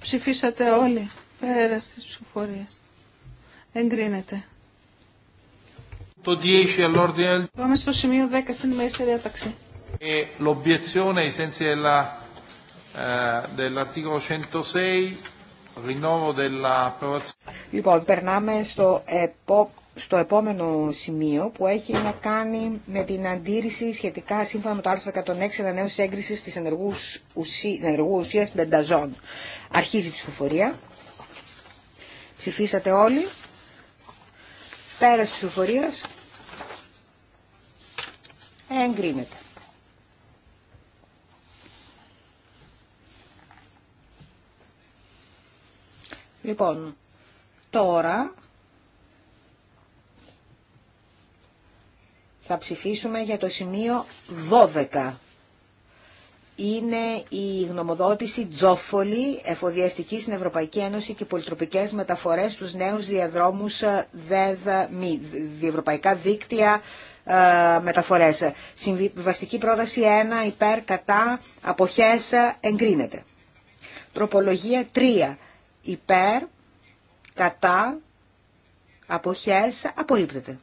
Ψηφίσατε όλοι. Πέρα στι ψηφοφορίε. Εγκρίνεται. Το 10 Πάμε στο σημείο 10 στην ημερήσια διάταξη. E l'obiezione ai sensi ε, dell'articolo 106 rinnovo della Λοιπόν, περνάμε στο επόμενο στο επόμενο σημείο που έχει να κάνει με την αντίρρηση σχετικά σύμφωνα με το άρθρο 106 ανανέωση έγκριση τη ενεργού ουσία μπενταζών. Αρχίζει η ψηφοφορία. Ψηφίσατε όλοι. Πέρας ψηφοφορία. Εγκρίνεται. Λοιπόν, τώρα θα ψηφίσουμε για το σημείο 12. Είναι η γνωμοδότηση τζόφολη εφοδιαστική στην Ευρωπαϊκή Ένωση και πολυτροπικές μεταφορές στους νέους διαδρόμους ε, ΔΕΔΜΗ, διευρωπαϊκά δίκτυα ε, μεταφορές. Συμβιβαστική πρόταση 1, υπέρ, κατά, αποχέ ε, εγκρίνεται. Τροπολογία 3, υπέρ, κατά, αποχές, απορρίπτεται.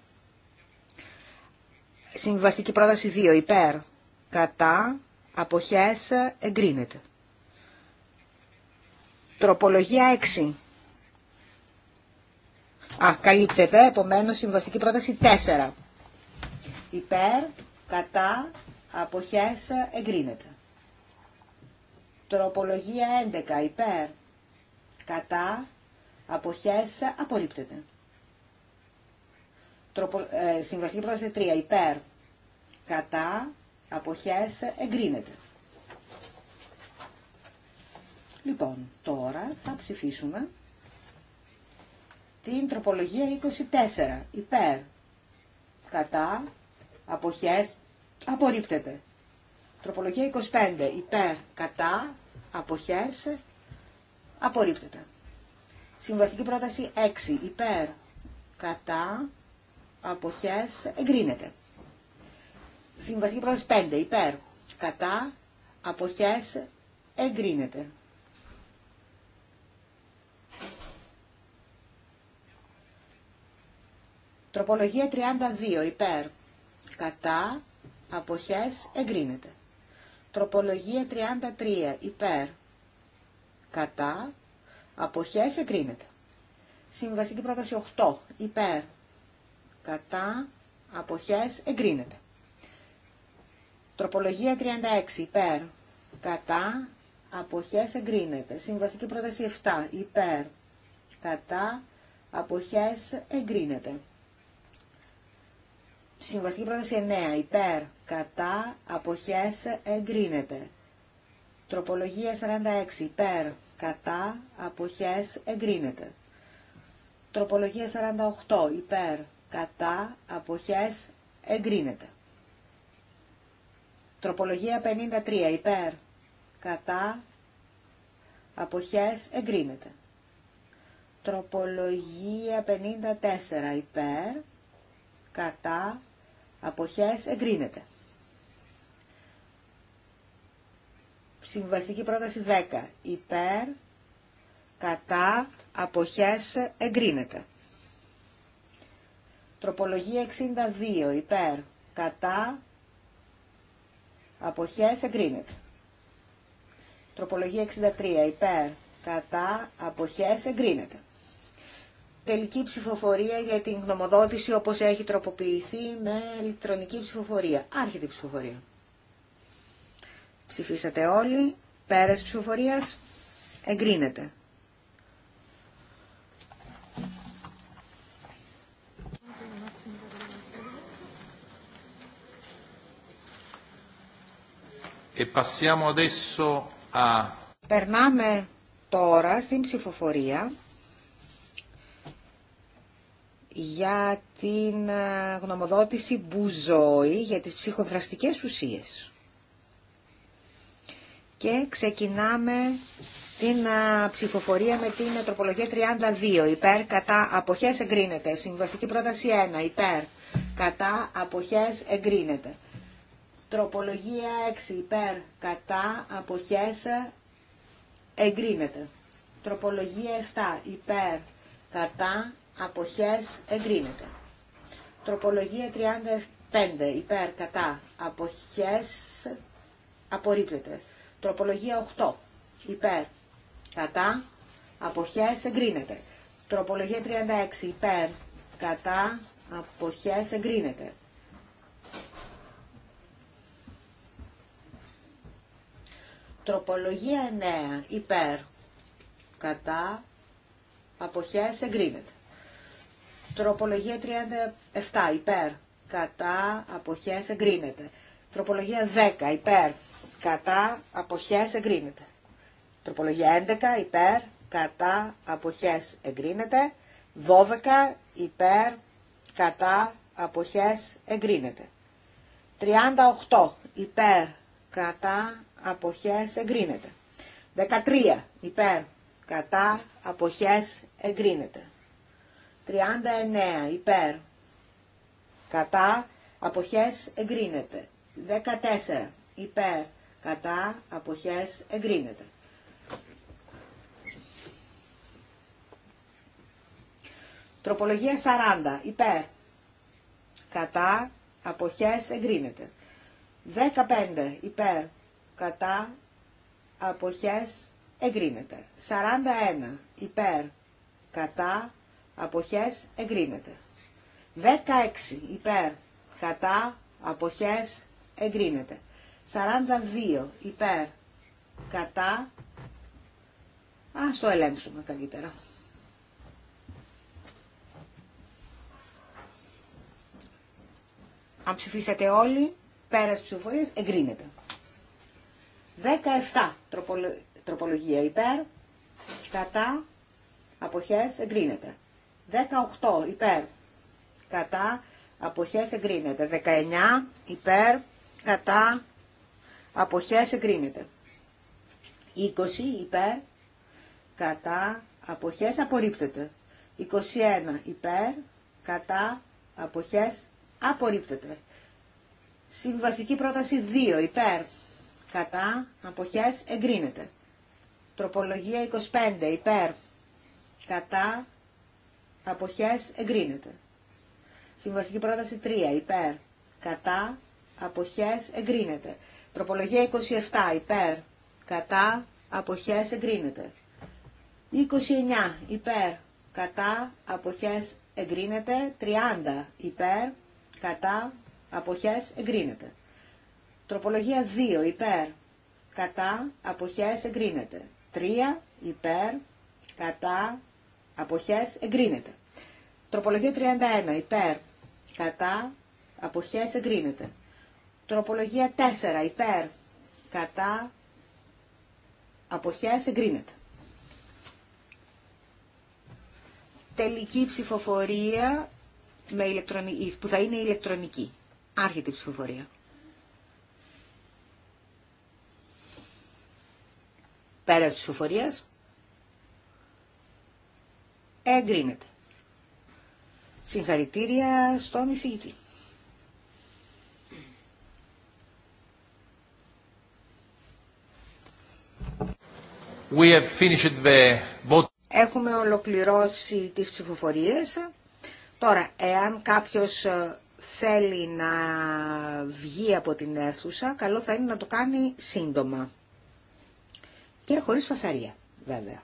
Συμβαστική πρόταση 2. Υπέρ. Κατά. Αποχές. Εγκρίνεται. Τροπολογία 6. Α, καλύπτεται. Επομένως, συμβαστική πρόταση 4. Υπέρ. Κατά. Αποχές. Εγκρίνεται. Τροπολογία 11. Υπέρ. Κατά. Αποχές. Απορρίπτεται. Τροπο, ε, συμβαστική πρόταση 3. Υπέρ. Κατά. Αποχές. Εγκρίνεται. Λοιπόν, τώρα θα ψηφίσουμε την τροπολογία 24. Υπέρ. Κατά. Αποχές. Απορρίπτεται. Τροπολογία 25. Υπέρ. Κατά. Αποχές. Απορρίπτεται. Συμβαστική πρόταση 6. Υπέρ. Κατά αποχές εγκρίνεται. Συμβασική πρόταση 5 υπέρ κατά αποχές εγκρίνεται. Τροπολογία 32 υπέρ κατά αποχές εγκρίνεται. Τροπολογία 33 υπέρ κατά αποχές εγκρίνεται. Συμβασική πρόταση 8 υπέρ κατά, αποχές, εγκρίνεται. Τροπολογία 36, υπέρ, κατά, αποχές, εγκρίνεται. Συμβαστική πρόταση 7, υπέρ, κατά, αποχές, εγκρίνεται. Συμβαστική πρόταση 9, υπέρ, κατά, αποχές, εγκρίνεται. Τροπολογία 46, υπέρ, κατά, αποχές, εγκρίνεται. Τροπολογία 48, υπέρ, κατά αποχές εγκρίνεται. Τροπολογία 53 υπέρ κατά αποχές εγκρίνεται. Τροπολογία 54 υπέρ κατά αποχές εγκρίνεται. Συμβαστική πρόταση 10 υπέρ κατά αποχές εγκρίνεται. Τροπολογία 62 υπέρ κατά αποχές εγκρίνεται. Τροπολογία 63 υπέρ κατά αποχές εγκρίνεται. Τελική ψηφοφορία για την γνωμοδότηση όπως έχει τροποποιηθεί με ηλεκτρονική ψηφοφορία. Άρχεται ψηφοφορία. Ψηφίσατε όλοι. Πέρας ψηφοφορίας εγκρίνεται. E Περνάμε τώρα στην ψηφοφορία για την ε, γνωμοδότηση Μπουζόη για τις ψυχοδραστικές ουσίες. Και ξεκινάμε την ε, ψηφοφορία με την τροπολογία 32. Υπέρ, κατά, αποχές εγκρίνεται. Συμβαστική πρόταση 1. Υπέρ, κατά, αποχές εγκρίνεται. Τροπολογία 6 υπέρ κατά αποχές εγκρίνεται. Τροπολογία 7 υπέρ κατά αποχές εγκρίνεται. Τροπολογία 35 υπέρ κατά αποχές απορρίπτεται. Τροπολογία 8 υπέρ κατά αποχές εγκρίνεται. Τροπολογία 36 υπέρ κατά αποχές εγκρίνεται. Τροπολογία 9. Υπέρ. Κατά. Αποχές εγκρίνεται. Τροπολογία 37. Υπέρ. Κατά. Αποχές εγκρίνεται. Τροπολογία 10. Υπέρ. Κατά. Αποχές εγκρίνεται. Τροπολογία 11. Υπέρ. Κατά. Αποχές εγκρίνεται. 12. Υπέρ. Κατά. Αποχές εγκρίνεται. 38. Υπέρ. Κατά αποχές εγκρίνεται. 13 υπέρ κατά αποχές εγκρίνεται. 39 υπέρ κατά αποχές εγκρίνεται. 14 υπέρ κατά αποχές εγκρίνεται. Τροπολογία 40 υπέρ κατά αποχές εγκρίνεται. 15 υπέρ κατά, αποχές, εγκρίνεται. 41 υπέρ, κατά, αποχές, εγκρίνεται. 16 υπέρ, κατά, αποχές, εγκρίνεται. 42 υπέρ, κατά, ας το ελέγξουμε καλύτερα. Αν ψηφίσετε όλοι, πέρας ψηφοφορίας, εγκρίνεται. 17 τροπολογία υπέρ, κατά, αποχές εγκρίνεται. 18 υπέρ, κατά, αποχές εγκρίνεται. 19 υπέρ, κατά, αποχές εγκρίνεται. 20 υπέρ, κατά, αποχές απορρίπτεται. 21 υπέρ, κατά, αποχές απορρίπτεται. Συμβαστική πρόταση 2 υπέρ, κατά, αποχές, εγκρίνεται. Τροπολογία 25, υπέρ, κατά, αποχές, εγκρίνεται. Συμβαστική πρόταση 3, υπέρ, κατά, αποχές, εγκρίνεται. Τροπολογία 27, υπέρ, κατά, αποχές, εγκρίνεται. 29, υπέρ, κατά, αποχές, εγκρίνεται. 30, υπέρ, κατά, αποχές, εγκρίνεται. Τροπολογία 2 υπέρ κατά αποχές εγκρίνεται. 3 υπέρ κατά αποχές εγκρίνεται. Τροπολογία 31 υπέρ κατά αποχές εγκρίνεται. Τροπολογία 4 υπέρ κατά αποχές εγκρίνεται. Τελική ψηφοφορία με ηλεκτρονική, που θα είναι ηλεκτρονική. Άρχεται η ψηφοφορία. Πέρας ψηφοφορίας. Εγκρίνεται. Συγχαρητήρια στον εισηγητή. We have Έχουμε ολοκληρώσει τις ψηφοφορίες. Τώρα, εάν κάποιος ε, θέλει να βγει από την αίθουσα, καλό θα είναι να το κάνει σύντομα και χωρίς φασαρία βέβαια.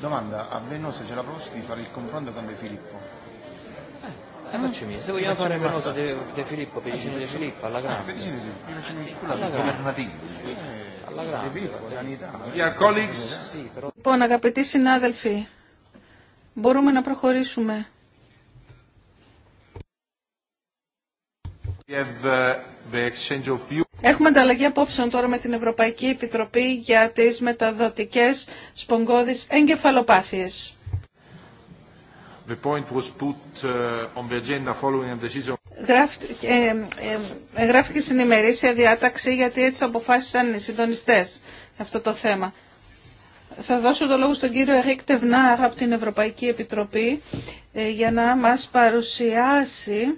Domanda, a Venosa c'è la proposta di fare il confronto con De Filippo. Eh, faccio mia, se vogliamo fare Venosa De, De Filippo, Pedicino De Filippo, alla grande. Pedicino De Filippo, quella alla grande Alla grande. De Filippo, Dear colleagues. Λοιπόν, αγαπητοί συνάδελφοι, μπορούμε να προχωρήσουμε. We have the exchange of views. Έχουμε ανταλλαγή απόψεων τώρα με την Ευρωπαϊκή Επιτροπή για τις μεταδοτικές σπογγώδεις εγκεφαλοπάθειες. The στην ημερήσια διάταξη γιατί έτσι αποφάσισαν οι συντονιστές αυτό το θέμα. Θα δώσω το λόγο στον κύριο Ερίκ Τευνάγα από την Ευρωπαϊκή Επιτροπή ε, για να μας παρουσιάσει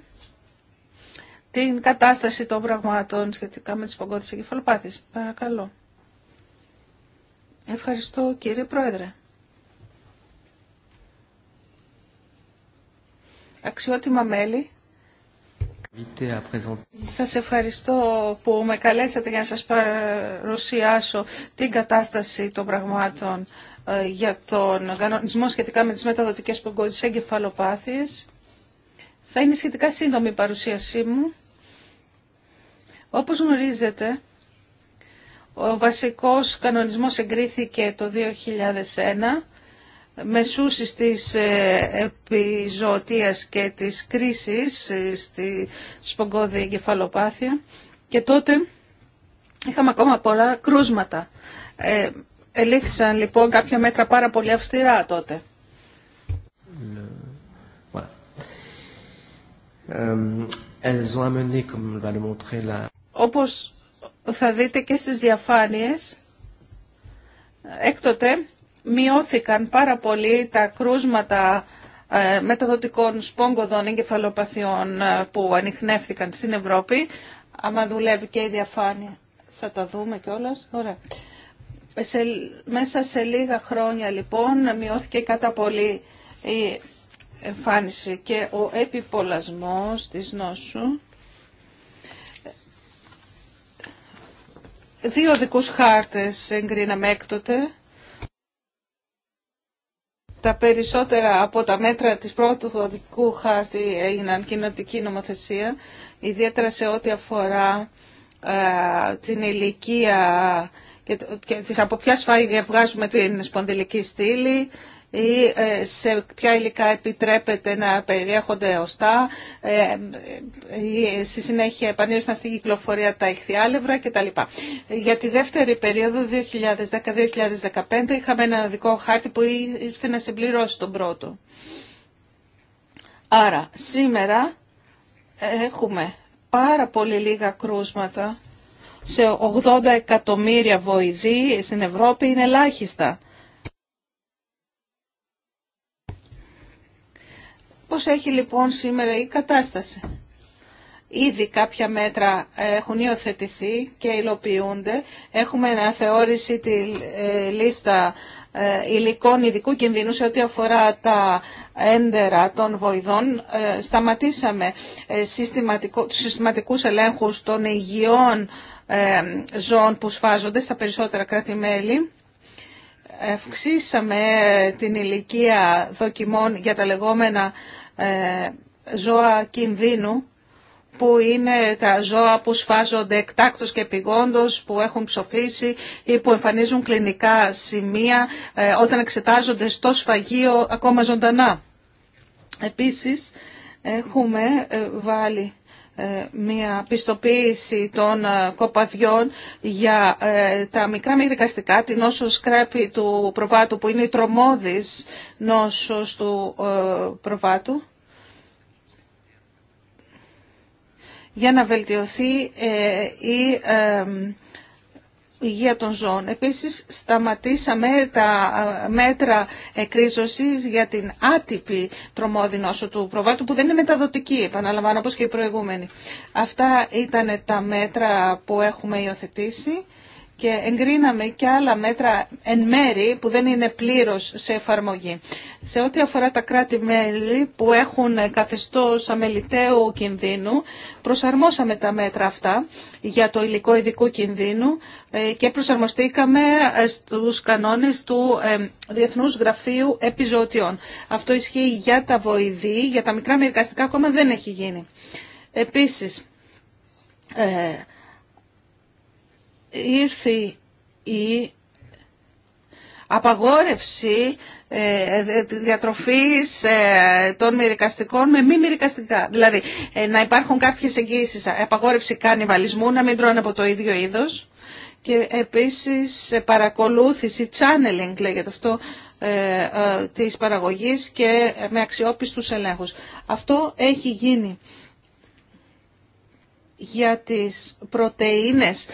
την κατάσταση των πραγμάτων σχετικά με τις παγκότητες εγκεφαλοπάθειες. Παρακαλώ. Ευχαριστώ κύριε Πρόεδρε. Αξιότιμα μέλη, σας ευχαριστώ που με καλέσατε για να σας παρουσιάσω την κατάσταση των πραγμάτων ε, για τον κανονισμό σχετικά με τις μεταδοτικές παγκόσμιες εγκεφαλοπάθειες. Θα είναι σχετικά σύντομη η παρουσίασή μου. Όπως γνωρίζετε, ο βασικός κανονισμός εγκρίθηκε το 2001 μεσούσεις της ε, επιζωτίας και της κρίσης ε, στη σπογκώδη εγκεφαλοπάθεια και τότε είχαμε ακόμα πολλά κρούσματα. Ε, ελήφθησαν λοιπόν κάποια μέτρα πάρα πολύ αυστηρά τότε. Euh, όπως θα δείτε και στις διαφάνειες, έκτοτε μειώθηκαν πάρα πολύ τα κρούσματα ε, μεταδοτικών σπόγκοδων εγκεφαλοπαθειών ε, που ανοιχνεύτηκαν στην Ευρώπη. Άμα δουλεύει και η διαφάνεια θα τα δούμε κιόλας. Ωραία. Σε, μέσα σε λίγα χρόνια λοιπόν μειώθηκε κατά πολύ η εμφάνιση και ο επιπολασμός της νόσου Δύο οδικούς χάρτες εγκρίναμε έκτοτε. Τα περισσότερα από τα μέτρα της πρώτου οδικού χάρτη έγιναν κοινοτική νομοθεσία, ιδιαίτερα σε ό,τι αφορά ε, την ηλικία και, και από ποια σφάγια βγάζουμε την σπονδυλική στήλη, ή ε, σε ποια υλικά επιτρέπεται να περιέχονται οστά. Ε, ε, στη συνέχεια επανήλθαν στην κυκλοφορία τα ηχθιάλευρα κτλ. Για τη δεύτερη περίοδο 2010-2015 είχαμε ένα δικό χάρτη που ήρθε να συμπληρώσει τον πρώτο. Άρα σήμερα έχουμε πάρα πολύ λίγα κρούσματα σε 80 εκατομμύρια βοηθοί στην Ευρώπη είναι ελάχιστα. Πώς έχει λοιπόν σήμερα η κατάσταση. Ήδη κάποια μέτρα έχουν υιοθετηθεί και υλοποιούνται. Έχουμε αναθεώρηση τη ε, λίστα ε, υλικών ειδικού κινδύνου σε ό,τι αφορά τα έντερα των βοηδών. Ε, σταματήσαμε τους συστηματικούς ελέγχους των υγιών ζώων που σφάζονται στα περισσότερα κράτη-μέλη. την ηλικία δοκιμών για τα λεγόμενα ε, ζώα κινδύνου που είναι τα ζώα που σφάζονται εκτάκτως και πηγόντος που έχουν ψοφήσει ή που εμφανίζουν κλινικά σημεία ε, όταν εξετάζονται στο σφαγείο ακόμα ζωντανά. Επίσης, έχουμε ε, βάλει μια πιστοποίηση των κοπαδιών για τα μικρά δικαστικά την νόσο σκρέπη του προβάτου που είναι η τρομόδης νόσος του προβάτου για να βελτιωθεί ε, ε, η υγεία των ζώων. Επίσης σταματήσαμε τα ε, μέτρα εκρίζωσης για την άτυπη τρομόδη νόσο του προβάτου που δεν είναι μεταδοτική, επαναλαμβάνω όπως και η προηγούμενη. Αυτά ήταν τα μέτρα που έχουμε υιοθετήσει και εγκρίναμε και άλλα μέτρα εν μέρη που δεν είναι πλήρως σε εφαρμογή. Σε ό,τι αφορά τα κράτη-μέλη που έχουν καθεστώς αμεληταίου κινδύνου, προσαρμόσαμε τα μέτρα αυτά για το υλικό ειδικού κινδύνου ε, και προσαρμοστήκαμε ε, στους κανόνες του ε, Διεθνούς Γραφείου Επιζωτιών. Αυτό ισχύει για τα βοηδή, για τα μικρά μερικαστικά ακόμα δεν έχει γίνει. Επίσης, ήρθε η απαγόρευση ε, ε, διατροφής ε, των μυρικαστικών με μη μυρικαστικά. Δηλαδή να υπάρχουν κάποιες εγγύησεις, απαγόρευση κανιβαλισμού, να μην τρώνε από το ίδιο είδος και επίσης παρακολούθηση, channeling λέγεται αυτό, της παραγωγής και με αξιόπιστους ελέγχους. Αυτό έχει γίνει για τις πρωτεΐνες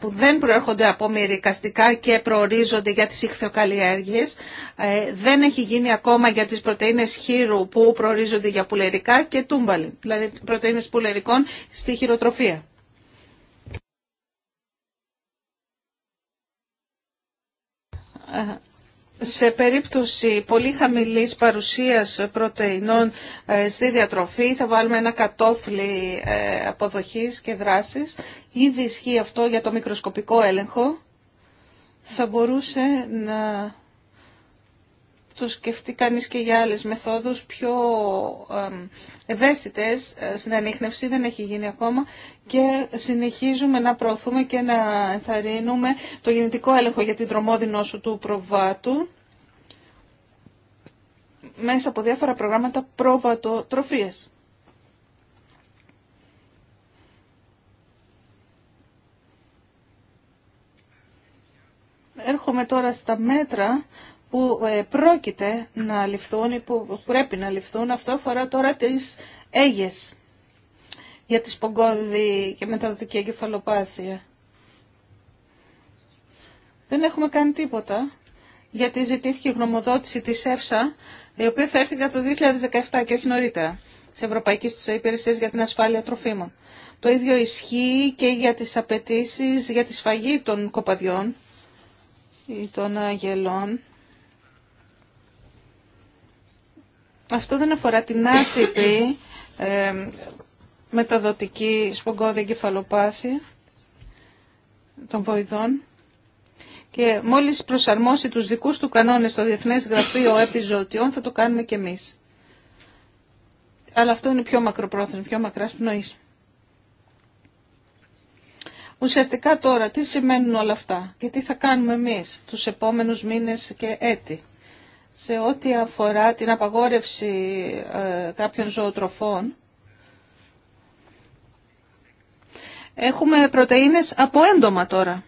που δεν προέρχονται από μυρικαστικά και προορίζονται για τις ηχθειοκαλλιέργειες. Ε, δεν έχει γίνει ακόμα για τις πρωτεΐνες χείρου που προορίζονται για πουλερικά και τούμπαλι, δηλαδή πρωτεΐνες πουλερικών στη χειροτροφία. Ε, σε περίπτωση πολύ χαμηλής παρουσίας πρωτεϊνών ε, στη διατροφή θα βάλουμε ένα κατόφλι ε, αποδοχής και δράσης. Ήδη ισχύει αυτό για το μικροσκοπικό έλεγχο. Θα μπορούσε να το σκεφτεί κανείς και για άλλες μεθόδους πιο ευαίσθητες ε, στην ανείχνευση, δεν έχει γίνει ακόμα και συνεχίζουμε να προωθούμε και να ενθαρρύνουμε το γεννητικό έλεγχο για την τρομόδη νόσο του προβάτου μέσα από διάφορα προγράμματα προβατοτροφίας. Έρχομαι τώρα στα μέτρα που ε, πρόκειται να ληφθούν ή που πρέπει να ληφθούν. Αυτό αφορά τώρα τις έγιες για τη σπογκώδη και μεταδοτική εγκεφαλοπάθεια. Δεν έχουμε κάνει τίποτα, γιατί ζητήθηκε η γνωμοδότηση της ΕΦΣΑ, η οποία θα έρθει κατά το 2017 και όχι νωρίτερα, της ευρωπαϊκή Υπηρεσία για την Ασφάλεια Τροφίμων. Το ίδιο ισχύει και για τις απαιτήσει για τη σφαγή των κοπαδιών ή των αγελών Αυτό δεν αφορά την άτυπη ε, μεταδοτική σπογκώδη εγκεφαλοπάθεια των βοηδών και μόλις προσαρμόσει τους δικούς του κανόνες στο Διεθνές Γραφείο Επιζωτιών θα το κάνουμε και εμείς. Αλλά αυτό είναι πιο μακροπρόθεσμο, πιο μακράς πνοής. Ουσιαστικά τώρα τι σημαίνουν όλα αυτά και τι θα κάνουμε εμείς τους επόμενους μήνες και έτη σε ό,τι αφορά την απαγόρευση ε, κάποιων ζωοτροφών, έχουμε πρωτεΐνες από έντομα τώρα.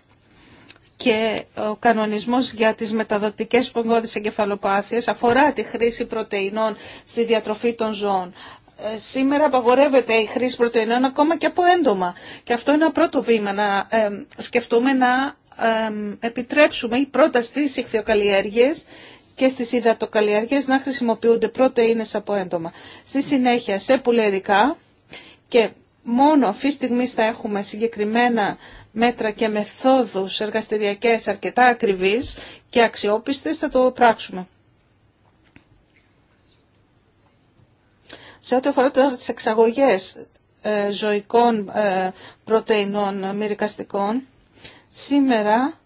Και ο κανονισμός για τις μεταδοτικές πογκώδεις εγκεφαλοπάθειες αφορά τη χρήση πρωτεϊνών στη διατροφή των ζώων. Ε, σήμερα απαγορεύεται η χρήση πρωτεϊνών ακόμα και από έντομα. Και αυτό είναι ένα πρώτο βήμα να σκεφτούμε να επιτρέψουμε η πρόταση στις και στις υδατοκαλλιέργειες να χρησιμοποιούνται πρωτεΐνες από έντομα. Στη συνέχεια σε πουλερικά και μόνο αυτή τη στιγμή θα έχουμε συγκεκριμένα μέτρα και μεθόδους εργαστηριακές αρκετά ακριβείς και αξιόπιστες θα το πράξουμε. Σε ό,τι αφορά τώρα τις εξαγωγές ε, ζωικών ε, πρωτεϊνών μυρικαστικών, σήμερα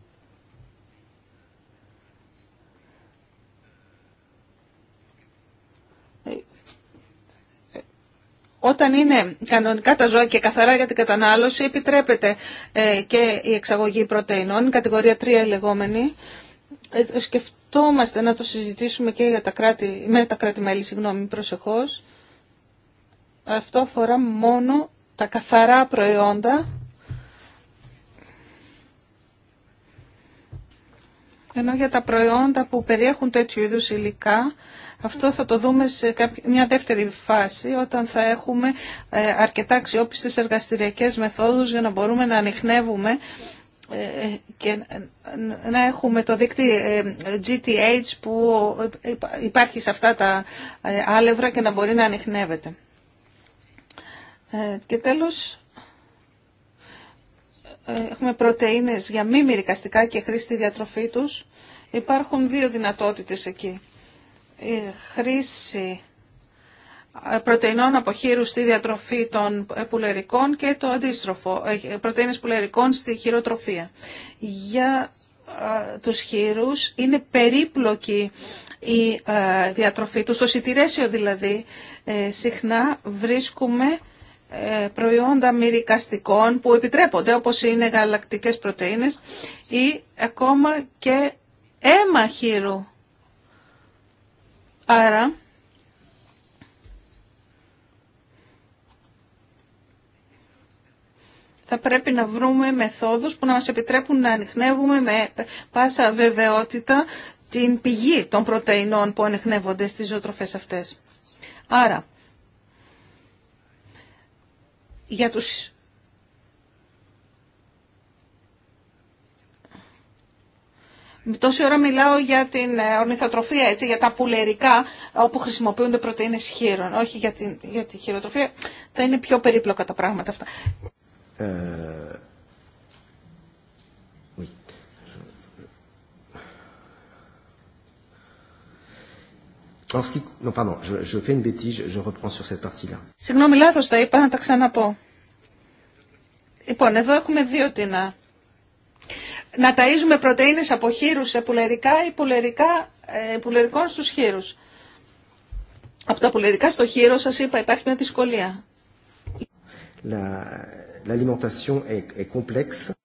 Όταν είναι κανονικά τα ζώα και καθαρά για την κατανάλωση, επιτρέπεται ε, και η εξαγωγή πρωτεϊνών, κατηγορία 3 λεγόμενη. Ε, σκεφτόμαστε να το συζητήσουμε και για τα κράτη, με τα κράτη-μέλη, συγγνώμη, προσεχώς. Αυτό αφορά μόνο τα καθαρά προϊόντα. Ενώ για τα προϊόντα που περιέχουν τέτοιου είδους υλικά, αυτό θα το δούμε σε μια δεύτερη φάση όταν θα έχουμε ε, αρκετά αξιόπιστες εργαστηριακές μεθόδους για να μπορούμε να ανοιχνεύουμε ε, ε, και να έχουμε το δίκτυο GTH που υπάρχει σε αυτά τα άλευρα και να μπορεί να ανοιχνεύεται. Και τέλος, έχουμε πρωτεΐνες για μη μυρικαστικά και χρήστη διατροφή τους. Υπάρχουν δύο δυνατότητες εκεί η χρήση ε, πρωτεϊνών από στη διατροφή των πουλερικών και το αντίστροφο, ε, πρωτεΐνες πουλερικών στη χειροτροφία. Για ε, τους χείρους είναι περίπλοκη η διατροφή τους. Στο σιτηρέσιο δηλαδή συχνά βρίσκουμε προϊόντα μυρικαστικών που επιτρέπονται όπως είναι γαλακτικές πρωτεΐνες ή ακόμα και αίμα χείρου Άρα, θα πρέπει να βρούμε μεθόδους που να μας επιτρέπουν να ανοιχνεύουμε με πάσα βεβαιότητα την πηγή των πρωτεϊνών που ανοιχνεύονται στις ζωοτροφές αυτές. Άρα, για τους Τόση ώρα μιλάω για την ε, ορνηθοτροφία, έτσι, για τα πουλερικά όπου χρησιμοποιούνται πρωτεΐνες χείρων, όχι για, την, για τη χειροτροφία. Θα είναι πιο περίπλοκα τα πράγματα αυτά. Ε... Συγγνώμη, λάθος τα είπα, να τα ξαναπώ. Λοιπόν, εδώ έχουμε δύο τινά να ταΐζουμε πρωτεΐνες από χείρους σε πουλερικά ή πουλερικά, ε, πουλερικών στους χείρους. Από τα πουλερικά στο χείρο σας είπα υπάρχει μια δυσκολία.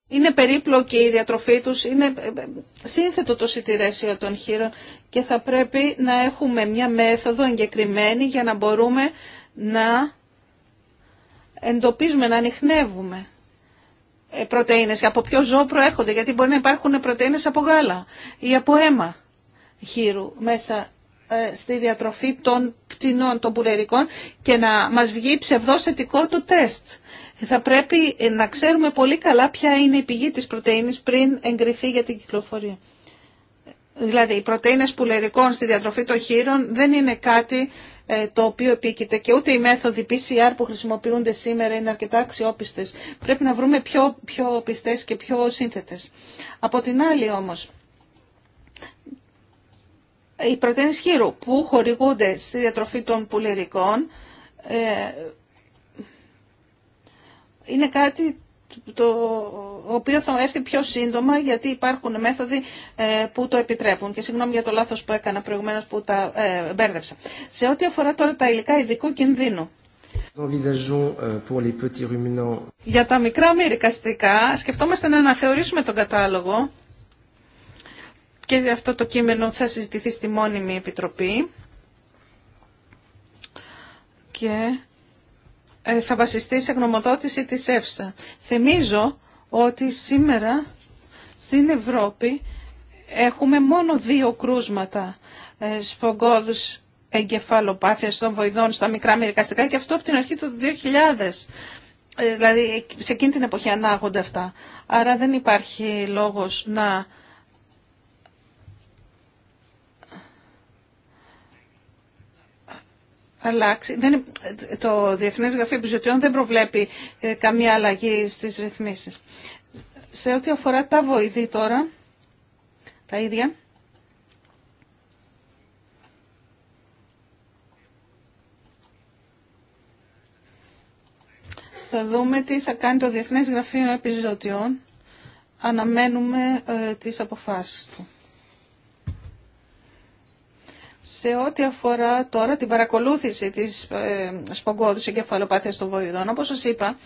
Είναι περίπλοκη η διατροφή τους, είναι ε, ε, σύνθετο το σιτηρέσιο των χείρων και θα πρέπει να έχουμε μια μέθοδο εγκεκριμένη για να μπορούμε να εντοπίζουμε, να ανοιχνεύουμε. Ε, πρωτεΐνες, από ποιο ζώο προέρχονται, γιατί μπορεί να υπάρχουν πρωτεΐνες από γάλα ή από αίμα χείρου μέσα ε, στη διατροφή των πτηνών, των πουλερικών και να μας βγει ψευδός θετικό το τεστ. Θα πρέπει να ξέρουμε πολύ καλά ποια είναι η πηγή της πρωτεΐνης πριν εγκριθεί για την κυκλοφορία. Δηλαδή, οι πρωτεΐνες πουλερικών στη διατροφή των χείρων δεν είναι κάτι ε, το οποίο επίκειται και ούτε οι μέθοδοι PCR που χρησιμοποιούνται σήμερα είναι αρκετά αξιόπιστες. Πρέπει να βρούμε πιο, πιο πιστές και πιο σύνθετες. Από την άλλη όμως, οι πρωτεΐνες χείρου που χορηγούνται στη διατροφή των πουλερικών ε, είναι κάτι το οποίο θα έρθει πιο σύντομα γιατί υπάρχουν μέθοδοι ε, που το επιτρέπουν. Και συγγνώμη για το λάθος που έκανα προηγουμένως που τα ε, μπέρδεψα. Σε ό,τι αφορά τώρα τα υλικά ειδικού κινδύνου. Euh, για τα μικρά μυρικαστικά σκεφτόμαστε να αναθεωρήσουμε τον κατάλογο και αυτό το κείμενο θα συζητηθεί στη μόνιμη επιτροπή και ε, θα βασιστεί σε γνωμοδότηση της ΕΦΣΑ. Θυμίζω ότι σήμερα στην Ευρώπη έχουμε μόνο δύο κρούσματα ε, σφογγόδους εγκεφαλοπάθειας των βοηδών στα μικρά μερικαστικά και αυτό από την αρχή του 2000. Ε, δηλαδή σε εκείνη την εποχή ανάγονται αυτά. Άρα δεν υπάρχει λόγος να αλλάξει. Δεν, το διεθνέ Γραφείο Επιζωτιών δεν προβλέπει ε, καμία αλλαγή στις ρυθμίσεις. Σε ό,τι αφορά τα βοηθή τώρα, τα ίδια. Θα δούμε τι θα κάνει το Διεθνές Γραφείο Επιζωτιών. Αναμένουμε ε, τις αποφάσεις του σε ό,τι αφορά τώρα την παρακολούθηση της ε, σπογκώδους εγκεφαλοπάθειας των βοηδών. Όπως σας είπα,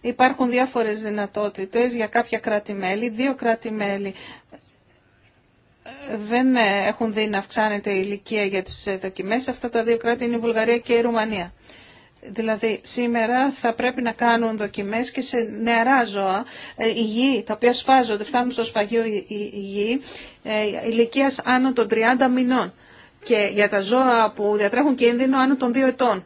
υπάρχουν διάφορες δυνατότητες για κάποια κράτη-μέλη. Δύο κράτη-μέλη ε, δεν έχουν δει να αυξάνεται η ηλικία για τις ε, δοκιμές. Αυτά τα δύο κράτη είναι η Βουλγαρία και η Ρουμανία. Δηλαδή σήμερα θα πρέπει να κάνουν δοκιμές και σε νεαρά ζώα, υγιή, ε, τα οποία σφάζονται, φτάνουν στο σφαγείο υγιή, ηλικίας άνω των 30 μηνών και για τα ζώα που διατρέχουν κίνδυνο άνω των δύο ετών.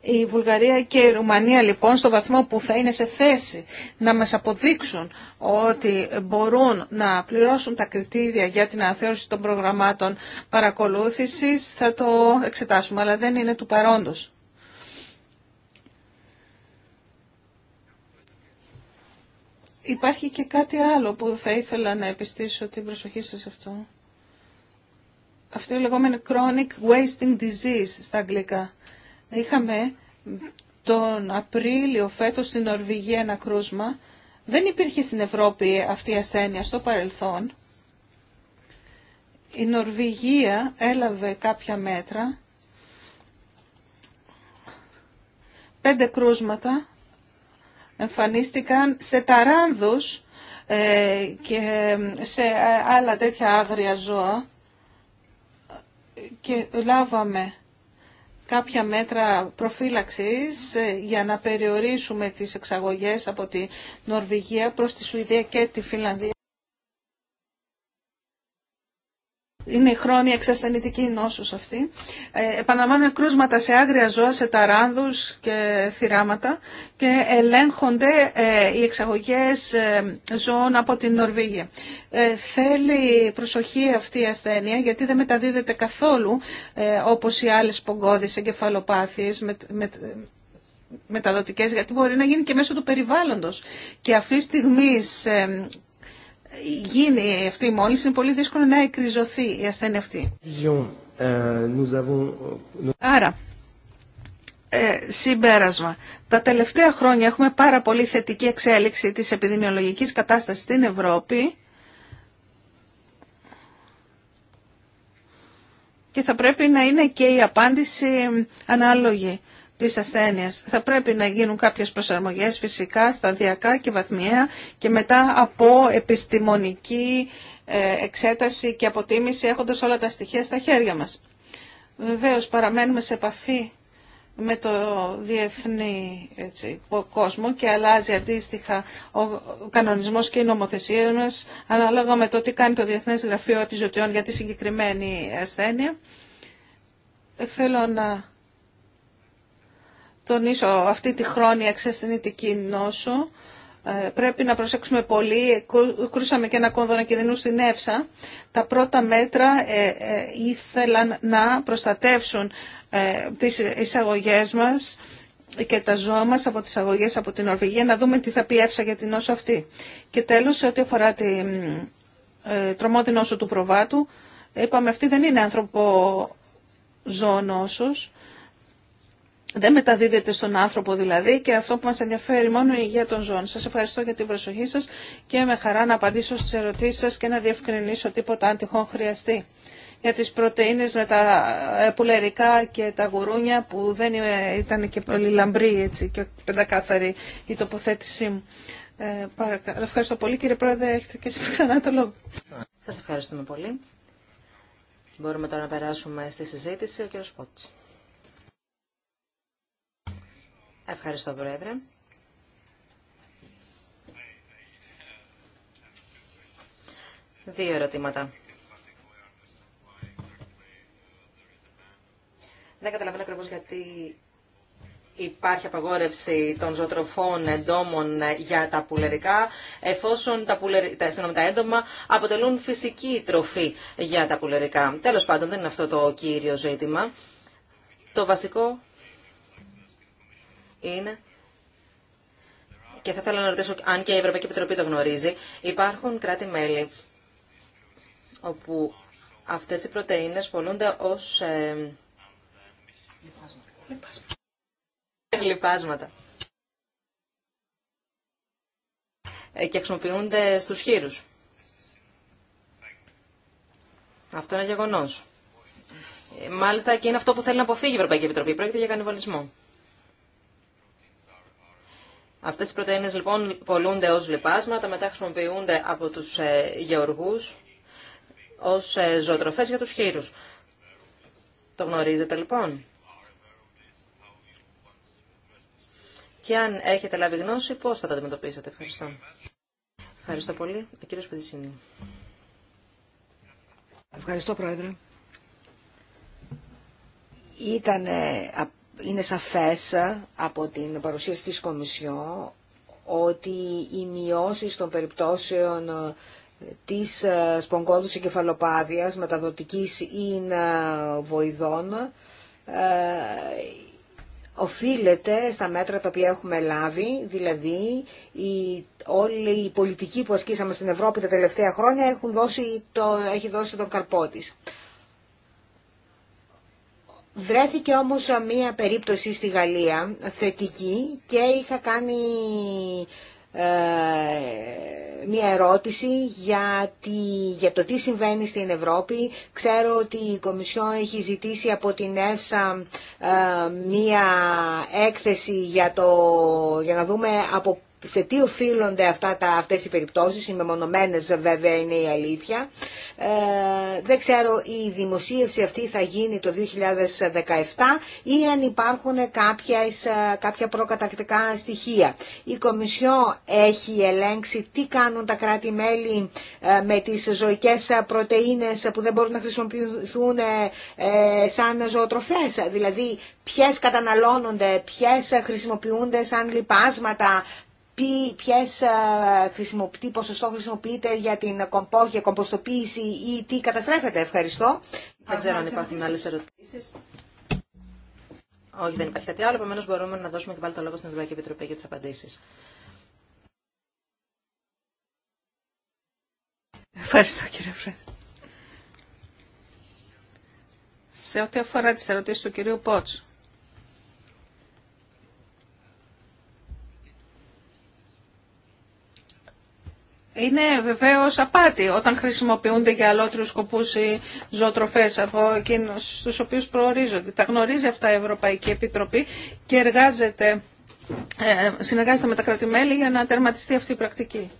Η Βουλγαρία και η Ρουμανία λοιπόν στο βαθμό που θα είναι σε θέση να μας αποδείξουν ότι μπορούν να πληρώσουν τα κριτήρια για την αναθεώρηση των προγραμμάτων παρακολούθησης θα το εξετάσουμε, αλλά δεν είναι του παρόντος. Υπάρχει και κάτι άλλο που θα ήθελα να επιστήσω την προσοχή σας αυτό αυτή η λεγόμενη chronic wasting disease στα αγγλικά. Είχαμε τον Απρίλιο φέτος στην Νορβηγία ένα κρούσμα. Δεν υπήρχε στην Ευρώπη αυτή η ασθένεια στο παρελθόν. Η Νορβηγία έλαβε κάποια μέτρα, πέντε κρούσματα εμφανίστηκαν σε ταράνδους ε, και σε άλλα τέτοια άγρια ζώα και λάβαμε κάποια μέτρα προφύλαξης ε, για να περιορίσουμε τις εξαγωγές από τη Νορβηγία προς τη Σουηδία και τη Φιλανδία. είναι η χρόνια εξασθενητική νόσος αυτή. Ε, κρούσματα σε άγρια ζώα, σε ταράνδους και θυράματα και ελέγχονται ε, οι εξαγωγές ε, ζώων από την Νορβήγια. Ε, θέλει προσοχή αυτή η ασθένεια γιατί δεν μεταδίδεται καθόλου ε, όπως οι άλλες πογκώδεις εγκεφαλοπάθειες με, μεταδοτικές γιατί μπορεί να γίνει και μέσω του περιβάλλοντος. Και αυτή τη στιγμή γίνει αυτή η μόλυνση, είναι πολύ δύσκολο να εκριζωθεί η ασθένεια αυτή. Ε, euh, Άρα, ε, συμπέρασμα. Τα τελευταία χρόνια έχουμε πάρα πολύ θετική εξέλιξη της επιδημιολογικής κατάστασης στην Ευρώπη και θα πρέπει να είναι και η απάντηση ανάλογη της ασθένειας. Θα πρέπει να γίνουν κάποιες προσαρμογές φυσικά σταδιακά και βαθμιαία και μετά από επιστημονική ε, εξέταση και αποτίμηση έχοντας όλα τα στοιχεία στα χέρια μας. Βεβαίως παραμένουμε σε επαφή με το διεθνή έτσι, κόσμο και αλλάζει αντίστοιχα ο κανονισμός και η νομοθεσία μας ανάλογα με το τι κάνει το Διεθνές Γραφείο Επιζωτιών για τη συγκεκριμένη ασθένεια. Ε, θέλω να τονίσω αυτή τη χρόνια εξασθενητική νόσο. Ε, πρέπει να προσέξουμε πολύ. Κρούσαμε και ένα να κινδυνού στην Εύσα. Τα πρώτα μέτρα ε, ε, ήθελαν να προστατεύσουν τις εισαγωγές μας και τα ζώα μας από τις αγωγές από την Ορβηγία. να δούμε τι θα πει εύσα για την νόσο αυτή. Και τέλος, σε ό,τι αφορά την ε, τρομόδη νόσο του προβάτου, είπαμε αυτή δεν είναι ανθρωπό ζώο νόσος, δεν μεταδίδεται στον άνθρωπο δηλαδή και αυτό που μας ενδιαφέρει μόνο η υγεία των ζώων. Σας ευχαριστώ για την προσοχή σας και με χαρά να απαντήσω στις ερωτήσεις σας και να διευκρινίσω τίποτα αν τυχόν χρειαστεί. Για τις πρωτεΐνες με τα ε, πουλερικά και τα γουρούνια που δεν ήταν και πολύ λαμπρή έτσι, και πεντακάθαρη η τοποθέτησή μου. Ε, παρακα... Ευχαριστώ πολύ κύριε Πρόεδρε, έχετε και εσείς ξανά το λόγο. Σας ευχαριστούμε πολύ. Μπορούμε τώρα να περάσουμε στη συζήτηση. Ο κύριος Πότση. Ευχαριστώ, Πρόεδρε. Δύο ερωτήματα. Δεν καταλαβαίνω ακριβώ γιατί υπάρχει απαγόρευση των ζωοτροφών εντόμων για τα πουλερικά, εφόσον τα, τα, τα έντομα αποτελούν φυσική τροφή για τα πουλερικά. Τέλος πάντων, δεν είναι αυτό το κύριο ζήτημα. Το βασικό είναι και θα ήθελα να ρωτήσω αν και η Ευρωπαϊκή Επιτροπή το γνωρίζει, υπάρχουν κράτη-μέλη όπου αυτές οι πρωτεΐνες πολλούνται ως ε, ε και χρησιμοποιούνται στους χείρους. Αυτό είναι γεγονός. Ε, μάλιστα και είναι αυτό που θέλει να αποφύγει η Ευρωπαϊκή Επιτροπή. Πρόκειται για κανιβαλισμό. Αυτές οι πρωτεΐνες λοιπόν πολλούνται ως λιπάσματα, μετά χρησιμοποιούνται από τους ε, γεωργούς ως ε, ζωοτροφές για τους χείρου. Το γνωρίζετε λοιπόν. Και αν έχετε λάβει γνώση, πώς θα τα αντιμετωπίσετε. Ευχαριστώ. Ευχαριστώ πολύ. Ο κύριο Πεδησίνη. Ευχαριστώ, Πρόεδρε. Ήταν είναι σαφές ε, από την παρουσίαση της Κομισιό ότι οι μειώσεις των περιπτώσεων ε, της ε, σπονγκόδους εγκεφαλοπάδιας μεταδοτικής ή εγκεφαλοπάδειας τα οποία έχουμε λάβει, δηλαδή η, όλη η πολιτική που ασκήσαμε στην Ευρώπη τα τελευταία χρόνια έχουν δώσει το, έχει δώσει τον καρπό της. Βρέθηκε όμως μία περίπτωση στη Γαλλία θετική και είχα κάνει ε, μία ερώτηση για, τη, για το τι συμβαίνει στην Ευρώπη. Ξέρω ότι η Κομισιό έχει ζητήσει από την ΕΦΣΑ ε, μία έκθεση για, το, για να δούμε από σε τι οφείλονται αυτά τα, αυτές οι περιπτώσεις, οι μεμονωμένες βέβαια είναι η αλήθεια. Ε, δεν ξέρω η δημοσίευση αυτή θα γίνει το 2017 ή αν υπάρχουν κάποιες, ε, κάποια προκατακτικά στοιχεία. Η αν υπαρχουν καποια έχει ελέγξει τι κάνουν τα κράτη-μέλη ε, με τις ζωικές πρωτεΐνες που δεν μπορούν να χρησιμοποιηθούν σαν ζωοτροφές. Δηλαδή ποιες καταναλώνονται, ποιες χρησιμοποιούνται σαν λιπάσματα, ποιες χρησιμοποιεί, ποσοστό χρησιμοποιείται για την κομπό, κομποστοποίηση ή τι καταστρέφεται. Ευχαριστώ. Δεν ξέρω αν υπάρχουν άλλε ερωτήσει. Όχι, δεν υπάρχει κάτι άλλο. Επομένω, μπορούμε να δώσουμε και πάλι το λόγο στην Ευρωπαϊκή Επιτροπή για τι απαντήσει. Ευχαριστώ, κύριε Πρόεδρε. Σε ό,τι αφορά τι ερωτήσει του κυρίου Πότσου. Είναι βεβαίω απάτη όταν χρησιμοποιούνται για αλότριου σκοπούς οι ζωοτροφές από εκείνους του οποίους προορίζονται. Τα γνωρίζει αυτά η Ευρωπαϊκή Επιτροπή και εργάζεται, ε, συνεργάζεται με τα κρατημέλη για να τερματιστεί αυτή η πρακτική.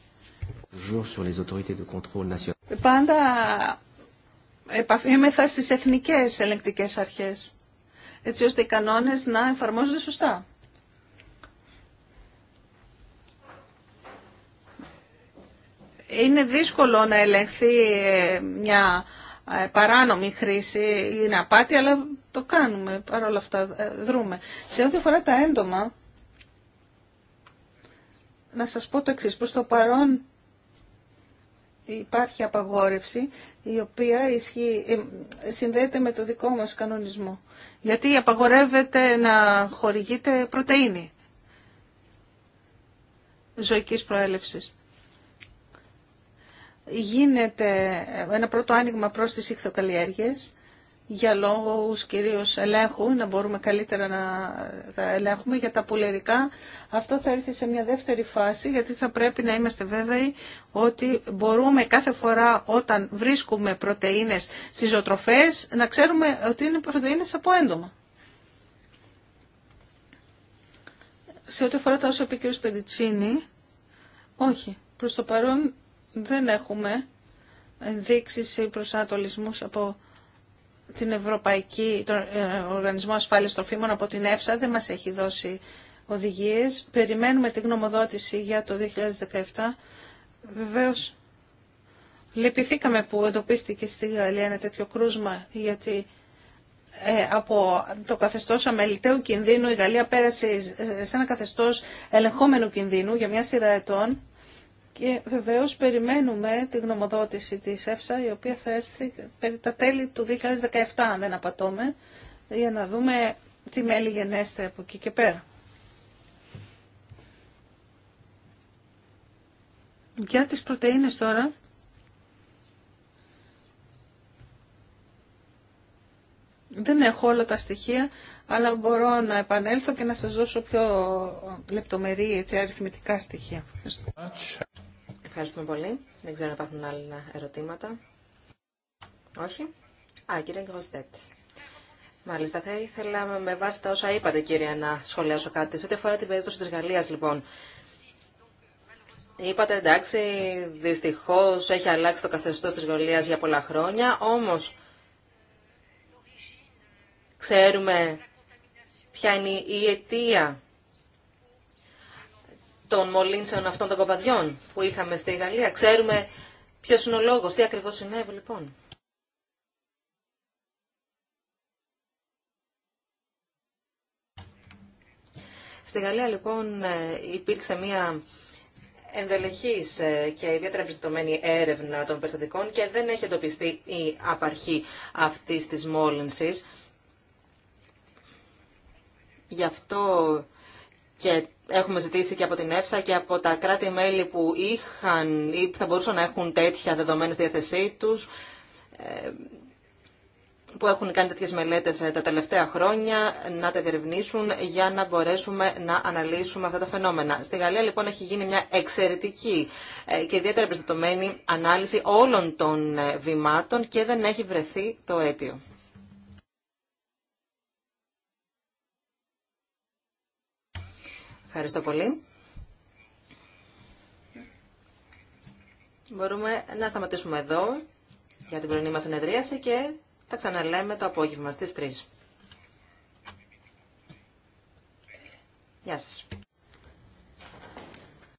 Πάντα επαφήμεθα στις εθνικές ελεγκτικές αρχές, έτσι ώστε οι κανόνες να εφαρμόζονται σωστά. είναι δύσκολο να ελεγχθεί ε, μια ε, παράνομη χρήση ή απάτη, αλλά το κάνουμε παρόλα αυτά, ε, δρούμε. Σε ό,τι αφορά τα έντομα, να σας πω το εξής, προς το παρόν υπάρχει απαγόρευση η οποία ισχύει, συνδέεται με το δικό μας κανονισμό. Γιατί απαγορεύεται να χορηγείται πρωτεΐνη ζωικής προέλευσης γίνεται ένα πρώτο άνοιγμα προς τις ηχθοκαλλιέργειες για λόγους κυρίως ελέγχου, να μπορούμε καλύτερα να τα ελέγχουμε για τα πουλερικά. Αυτό θα έρθει σε μια δεύτερη φάση, γιατί θα πρέπει να είμαστε βέβαιοι ότι μπορούμε κάθε φορά όταν βρίσκουμε πρωτεΐνες στις ζωοτροφές, να ξέρουμε ότι είναι πρωτεΐνες από έντομα. Σε ό,τι αφορά τα όσα είπε ο κ. Πεντητσίνη, όχι. Προς το παρόν δεν έχουμε ενδείξεις ή προσανατολισμούς από την Ευρωπαϊκή, τον ε, Οργανισμό Ασφάλειας Τροφίμων, από την ΕΦΣΑ, δεν μας έχει δώσει οδηγίες. Περιμένουμε την γνωμοδότηση για το 2017. Βεβαίως, λυπηθήκαμε που εντοπίστηκε στη Γαλλία ένα τέτοιο κρούσμα, γιατί ε, από το καθεστώς αμεληταίου κινδύνου η Γαλλία πέρασε σε ένα καθεστώς ελεγχόμενου κινδύνου για μια σειρά ετών και βεβαίως περιμένουμε τη γνωμοδότηση της ΕΦΣΑ, η οποία θα έρθει περί τα τέλη του 2017, αν δεν απατώμε, για να δούμε τι μέλη γενέστε από εκεί και πέρα. Για τις πρωτεΐνες τώρα, δεν έχω όλα τα στοιχεία, αλλά μπορώ να επανέλθω και να σας δώσω πιο λεπτομερή έτσι, αριθμητικά στοιχεία. Ευχαριστούμε πολύ. Δεν ξέρω αν υπάρχουν άλλα ερωτήματα. Όχι. Α, κύριε Γκοστέτ. Μάλιστα, θα ήθελα με βάση τα όσα είπατε, κύριε, να σχολιάσω κάτι. Σε ό,τι αφορά την περίπτωση της Γαλλίας, λοιπόν, Είπατε εντάξει, δυστυχώς έχει αλλάξει το καθεστώς της Γαλλίας για πολλά χρόνια, όμως ξέρουμε ποια είναι η αιτία των μολύνσεων αυτών των κοπαδιών που είχαμε στη Γαλλία. Ξέρουμε ποιος είναι ο λόγος, τι ακριβώς συνέβη λοιπόν. Στη Γαλλία λοιπόν ε, υπήρξε μια ενδελεχής ε, και ιδιαίτερα εμπιστευτομένη έρευνα των περιστατικών και δεν έχει εντοπιστεί η απαρχή αυτής της μόλυνσης. Γι' αυτό και έχουμε ζητήσει και από την ΕΦΣΑ και από τα κράτη-μέλη που είχαν ή θα μπορούσαν να έχουν τέτοια δεδομένα στη διάθεσή τους, ε, που έχουν κάνει τέτοιες μελέτες ε, τα τελευταία χρόνια, να τα διερευνήσουν για να μπορέσουμε να αναλύσουμε αυτά τα φαινόμενα. Στη Γαλλία λοιπόν έχει γίνει μια εξαιρετική ε, και ιδιαίτερα επιστατωμένη ανάλυση όλων των βημάτων και δεν έχει βρεθεί το αίτιο. Ευχαριστώ πολύ. Μπορούμε να σταματήσουμε εδώ για την πρωινή μας συνεδρίαση και θα ξαναλέμε το απόγευμα στις 3. Γεια σας.